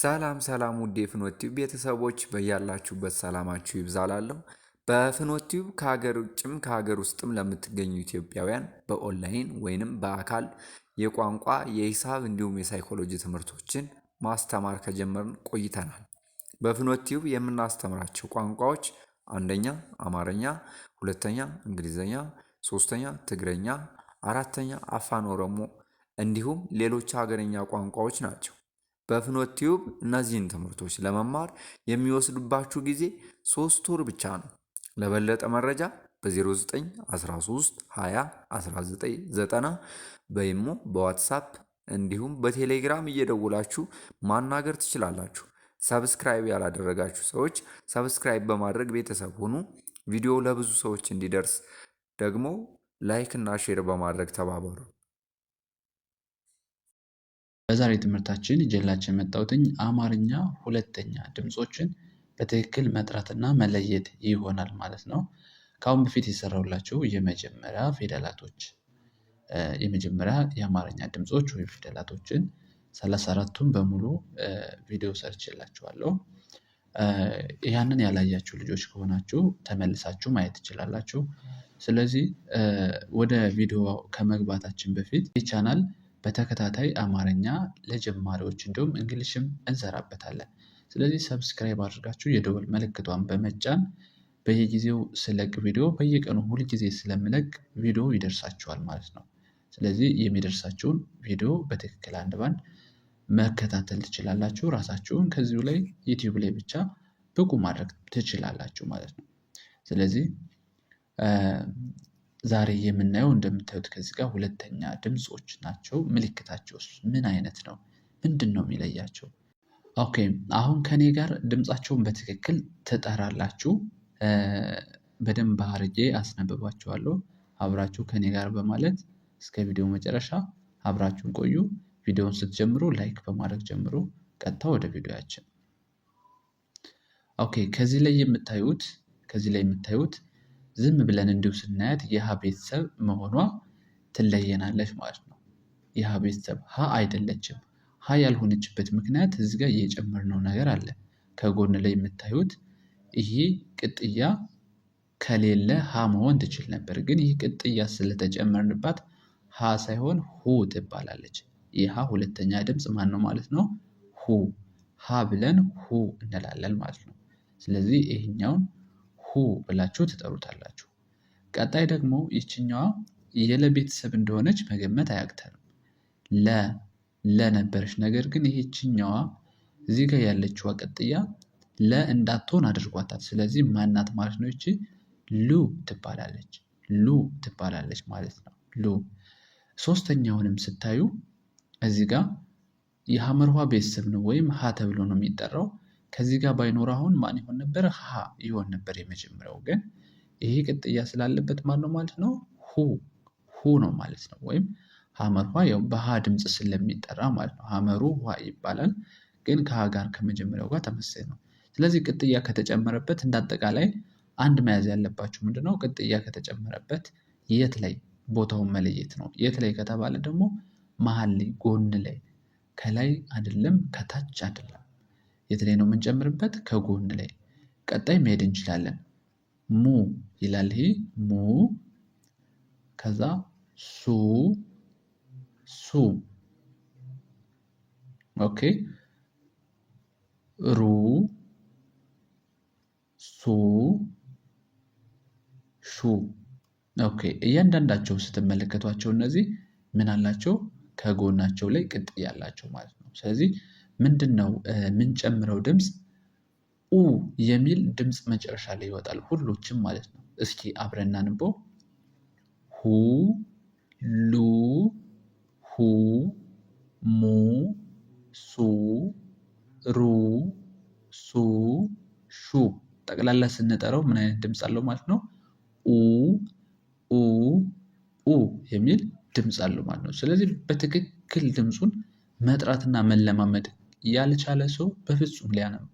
ሰላም ሰላም ውዴ የፍኖት ቤተሰቦች በያላችሁበት ሰላማችሁ ይብዛላለሁ። በፍኖቲዩብ ከሀገር ውጭም ከሀገር ውስጥም ለምትገኙ ኢትዮጵያውያን በኦንላይን ወይንም በአካል የቋንቋ የሂሳብ እንዲሁም የሳይኮሎጂ ትምህርቶችን ማስተማር ከጀመርን ቆይተናል። በፍኖቲዩብ የምናስተምራቸው ቋንቋዎች አንደኛ አማርኛ፣ ሁለተኛ እንግሊዝኛ፣ ሶስተኛ ትግረኛ፣ አራተኛ አፋን ኦሮሞ እንዲሁም ሌሎች ሀገረኛ ቋንቋዎች ናቸው። በፍኖት ቲዩብ እነዚህን ትምህርቶች ለመማር የሚወስድባችሁ ጊዜ ሶስት ወር ብቻ ነው። ለበለጠ መረጃ በ0913 20 1990 በይሞ በዋትሳፕ እንዲሁም በቴሌግራም እየደውላችሁ ማናገር ትችላላችሁ። ሰብስክራይብ ያላደረጋችሁ ሰዎች ሰብስክራይብ በማድረግ ቤተሰብ ሁኑ። ቪዲዮ ለብዙ ሰዎች እንዲደርስ ደግሞ ላይክ እና ሼር በማድረግ ተባበሩ። በዛሬ ትምህርታችን ይዤላችሁ የመጣሁትኝ አማርኛ ሁለተኛ ድምፆችን በትክክል መጥራትና መለየት ይሆናል ማለት ነው። ከአሁን በፊት የሰራሁላችሁ የመጀመሪያ ፊደላቶች የመጀመሪያ የአማርኛ ድምጾች ወይም ፊደላቶችን ሰላሳ አራቱን በሙሉ ቪዲዮ ሰርችላችኋለሁ። ያንን ያላያችሁ ልጆች ከሆናችሁ ተመልሳችሁ ማየት ትችላላችሁ። ስለዚህ ወደ ቪዲዮ ከመግባታችን በፊት ይህ ቻናል በተከታታይ አማርኛ ለጀማሪዎች እንዲሁም እንግሊሽም እንሰራበታለን። ስለዚህ ሰብስክራይብ አድርጋችሁ የደወል ምልክቷን በመጫን በየጊዜው ስለቅ ቪዲዮ በየቀኑ ሁል ጊዜ ስለምለቅ ቪዲዮ ይደርሳችኋል ማለት ነው። ስለዚህ የሚደርሳችሁን ቪዲዮ በትክክል አንድ ባንድ መከታተል ትችላላችሁ። ራሳችሁን ከዚሁ ላይ ዩቲዩብ ላይ ብቻ ብቁ ማድረግ ትችላላችሁ ማለት ነው። ስለዚህ ዛሬ የምናየው እንደምታዩት ከዚህ ጋር ሁለተኛ ድምጾች ናቸው። ምልክታቸውስ ምን አይነት ነው? ምንድን ነው የሚለያቸው? ኦኬ አሁን ከኔ ጋር ድምፃቸውን በትክክል ትጠራላችሁ። በደንብ አርጌ አስነብባችኋለሁ። አብራችሁ ከኔ ጋር በማለት እስከ ቪዲዮ መጨረሻ አብራችሁን ቆዩ። ቪዲዮውን ስትጀምሩ ላይክ በማድረግ ጀምሩ። ቀጥታ ወደ ቪዲዮያችን። ኦኬ ከዚህ ላይ የምታዩት ከዚህ ላይ የምታዩት ዝም ብለን እንዲሁ ስናያት የሀ ቤተሰብ መሆኗ ትለየናለች ማለት ነው። የሀ ቤተሰብ ሀ አይደለችም። ሀ ያልሆነችበት ምክንያት እዚህ ጋር እየጨመርነው ነገር አለ። ከጎን ላይ የምታዩት ይሄ ቅጥያ ከሌለ ሀ መሆን ትችል ነበር። ግን ይህ ቅጥያ ስለተጨመርንባት ሀ ሳይሆን ሁ ትባላለች። ይህ ሁለተኛ ድምፅ ማን ነው ማለት ነው? ሁ ሀ ብለን ሁ እንላለን ማለት ነው። ስለዚህ ይሄኛውን ሁ ብላችሁ ትጠሩታላችሁ። ቀጣይ ደግሞ ይችኛዋ የለ ቤተሰብ እንደሆነች መገመት አያቅተንም። ለ ለነበረች ነገር ግን ይህችኛዋ እዚህ ጋር ያለችዋ ቅጥያ ለ እንዳትሆን አድርጓታል። ስለዚህ ማናት ማለት ነው? ይቺ ሉ ትባላለች። ሉ ትባላለች ማለት ነው። ሉ ሶስተኛውንም ስታዩ እዚህ ጋር የሀመርዋ ቤተሰብ ነው ወይም ሀ ተብሎ ነው የሚጠራው። ከዚህ ጋር ባይኖር አሁን ማን ይሆን ነበር? ሀ ይሆን ነበር የመጀመሪያው ግን ይሄ ቅጥያ ስላለበት ነው ማለት ነው ሁ ሁ ነው ማለት ነው። ወይም ሀመር ሀ ያው በሀ ድምፅ ስለሚጠራ ማለት ነው ሀመሩ ሀ ይባላል። ግን ከሀ ጋር ከመጀመሪያው ጋር ተመሳሳይ ነው። ስለዚህ ቅጥያ ከተጨመረበት እንደ አጠቃላይ አንድ መያዝ ያለባችሁ ምንድነው ቅጥያ ከተጨመረበት የት ላይ ቦታውን መለየት ነው። የት ላይ ከተባለ ደግሞ መሀል ላይ፣ ጎን ላይ፣ ከላይ አይደለም፣ ከታች አይደለም። የት ላይ ነው የምንጨምርበት? ከጎን ላይ። ቀጣይ መሄድ እንችላለን። ሙ ይላል ይሄ ሙ። ከዛ ሱ ሱ። ኦኬ ሩ ሱ ሹ። ኦኬ እያንዳንዳቸው ስትመለከቷቸው እነዚህ ምን አላቸው? ከጎናቸው ላይ ቅጥያ አላቸው ማለት ነው። ስለዚህ ምንድነው የምንጨምረው ድምፅ ኡ የሚል ድምፅ መጨረሻ ላይ ይወጣል ሁሎችም ማለት ነው። እስኪ አብረና ንቦ ሁ ሉ ሁ ሙ ሱ ሩ ሱ ሹ ጠቅላላ ስንጠራው ምን አይነት ድምፅ አለው ማለት ነው? ኡ ኡ ኡ የሚል ድምፅ አለው ማለት ነው። ስለዚህ በትክክል ድምፁን መጥራትና መለማመድ ያልቻለ ሰው በፍጹም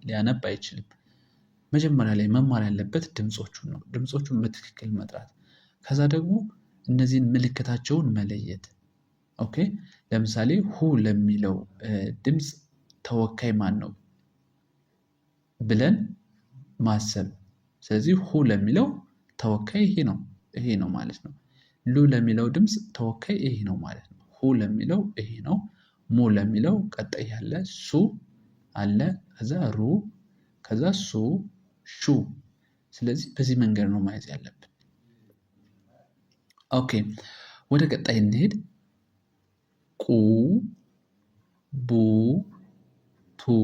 ሊያነብ አይችልም። መጀመሪያ ላይ መማር ያለበት ድምፆቹን ነው። ድምፆቹን በትክክል መጥራት፣ ከዛ ደግሞ እነዚህን ምልክታቸውን መለየት። ኦኬ ለምሳሌ ሁ ለሚለው ድምፅ ተወካይ ማን ነው ብለን ማሰብ። ስለዚህ ሁ ለሚለው ተወካይ ይሄ ነው ይሄ ነው ማለት ነው። ሉ ለሚለው ድምፅ ተወካይ ይሄ ነው ማለት ነው። ሁ ለሚለው ይሄ ነው። ሙ ለሚለው ቀጣይ ያለ ሱ አለ ከዛ ሩ ከዛ ሱ ሹ። ስለዚህ በዚህ መንገድ ነው ማየት ያለብን። ኦኬ ወደ ቀጣይ እንሄድ። ቁ ቡ ቱ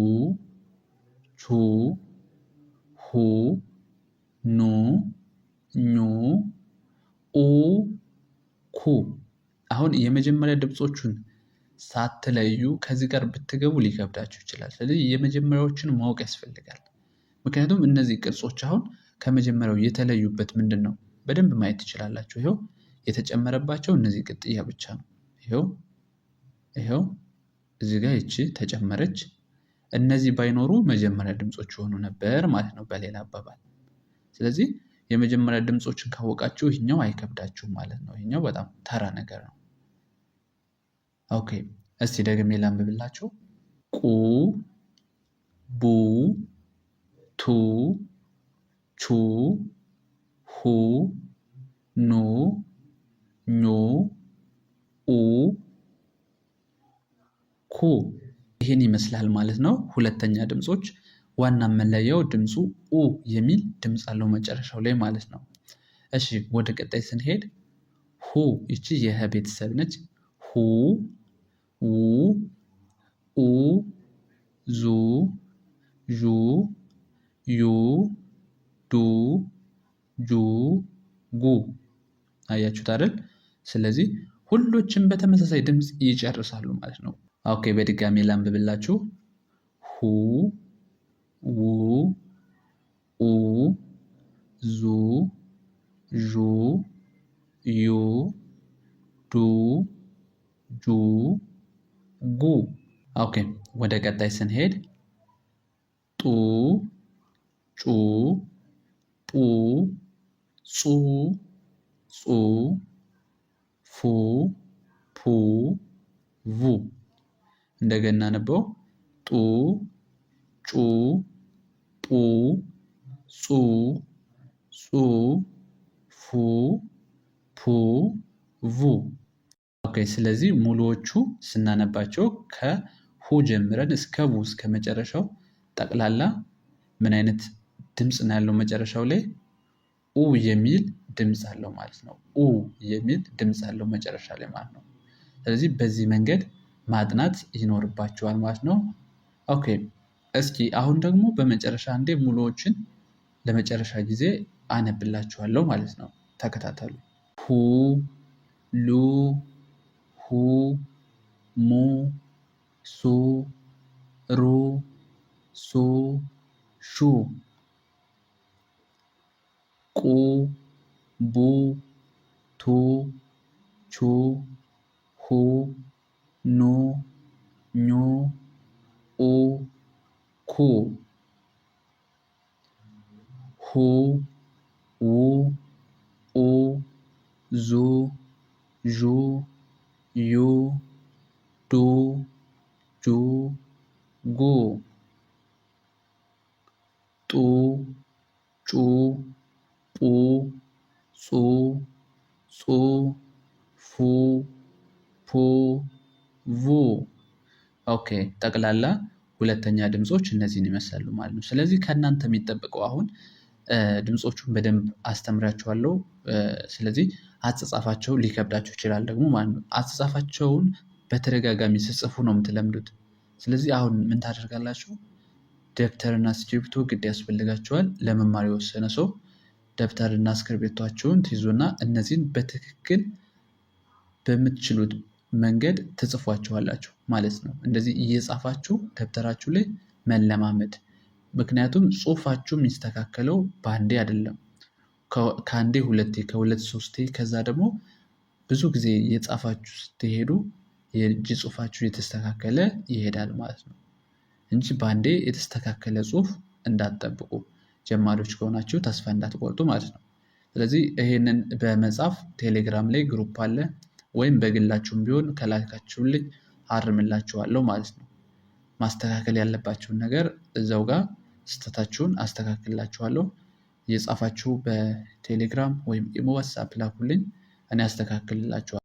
ቹ ሁ ኑ ኙ ኡ ኩ። አሁን የመጀመሪያ ድምፆቹን ሳትለዩ ከዚህ ጋር ብትገቡ ሊከብዳችሁ ይችላል። ስለዚህ የመጀመሪያዎችን ማወቅ ያስፈልጋል። ምክንያቱም እነዚህ ቅርጾች አሁን ከመጀመሪያው የተለዩበት ምንድን ነው? በደንብ ማየት ትችላላችሁ። ይኸው የተጨመረባቸው እነዚህ ቅጥያ ብቻ ነው። ይኸው ይኸው እዚህ ጋር ይቺ ተጨመረች። እነዚህ ባይኖሩ መጀመሪያ ድምፆች የሆኑ ነበር ማለት ነው በሌላ አባባል። ስለዚህ የመጀመሪያ ድምፆችን ካወቃችሁ ይህኛው አይከብዳችሁም ማለት ነው። ይህኛው በጣም ተራ ነገር ነው። ኦኬ እስቲ ደግሜ ላንብብላችሁ። ቁ ቡ ቱ ቹ ሁ ኑ ኙ ኡ ኩ ይህን ይመስላል ማለት ነው። ሁለተኛ ድምፆች ዋና መለያው ድምፁ ኡ የሚል ድምፅ አለው መጨረሻው ላይ ማለት ነው። እሺ ወደ ቀጣይ ስንሄድ ሁ ይቺ የህ ቤተሰብ ነች። ሁ ኡ ኡ ዙ ዡ ዩ ዱ ጁ ጉ አያችሁት አይደል? ስለዚህ ሁሎችም በተመሳሳይ ድምፅ ይጨርሳሉ ማለት ነው። ኦኬ በድጋሚ ላንብብላችሁ። ሁ ው ኡ ዙ ዡ ዩ ዱ ጁ ጉ ኦኬ ወደ ቀጣይ ስንሄድ ጡ ጩ ጡ ጹ ጹ ፉ ፑ ቡ እንደገና ነበው ጡ ጩ ጡ ጹ ጹ ፉ ፑ ቡ ኦኬ ስለዚህ ሙሉዎቹ ስናነባቸው ከሁ ጀምረን እስከ ቡ እስከ መጨረሻው ጠቅላላ ምን አይነት ድምፅ ነው ያለው? መጨረሻው ላይ ኡ የሚል ድምፅ አለው ማለት ነው። ኡ የሚል ድምፅ አለው መጨረሻ ላይ ማለት ነው። ስለዚህ በዚህ መንገድ ማጥናት ይኖርባቸዋል ማለት ነው። ኦኬ እስኪ አሁን ደግሞ በመጨረሻ እንዴ ሙሉዎችን ለመጨረሻ ጊዜ አነብላችኋለሁ ማለት ነው። ተከታተሉ ሁ ሉ ሁ ሙ ሱ ሩ ሱ ሹ ቁ ቡ ቱ ቹ ሁ ኑ ኙ ኡ ኩ ሁ ዉ ኡ ዙ ዡ यू टू चू गु तू चू पू सू सू ፉ ፑ ቩ ኦኬ ጠቅላላ ሁለተኛ ድምፆች እነዚህን ይመስላሉ ማለት ነው። ስለዚህ ከእናንተ የሚጠበቀው አሁን ድምፆቹን በደንብ አስተምራችኋለሁ። ስለዚህ አጻጻፋቸው ሊከብዳቸው ይችላል ደግሞ ማለት ነው። አጻጻፋቸውን በተደጋጋሚ ስጽፉ ነው የምትለምዱት። ስለዚህ አሁን ምን ታደርጋላችሁ? ደብተርና እስክሪብቶ ግድ ያስፈልጋቸዋል። ለመማር የወሰነ ሰው ደብተርና እስክሪብቶቻችሁን ትይዙና እነዚህን በትክክል በምትችሉት መንገድ ትጽፏቸዋላችሁ ማለት ነው። እንደዚህ እየጻፋችሁ ደብተራችሁ ላይ መለማመድ። ምክንያቱም ጽሁፋችሁ የሚስተካከለው በአንዴ አይደለም። ከአንዴ ሁለቴ ከሁለት ሶስቴ ከዛ ደግሞ ብዙ ጊዜ የጻፋችሁ ስትሄዱ የእጅ ጽሁፋችሁ የተስተካከለ ይሄዳል ማለት ነው እንጂ በአንዴ የተስተካከለ ጽሁፍ እንዳትጠብቁ ጀማሪዎች ከሆናችሁ ተስፋ እንዳትቆርጡ ማለት ነው። ስለዚህ ይሄንን በመጻፍ ቴሌግራም ላይ ግሩፕ አለ ወይም በግላችሁም ቢሆን ከላካችሁልኝ አርምላችኋለሁ ማለት ነው። ማስተካከል ያለባችሁን ነገር እዛው ጋር ስተታችሁን አስተካክልላችኋለሁ። እየጻፋችሁ በቴሌግራም ወይም ኢሞ ዋትሳፕ ላኩልኝ እኔ አስተካክልላችኋለሁ።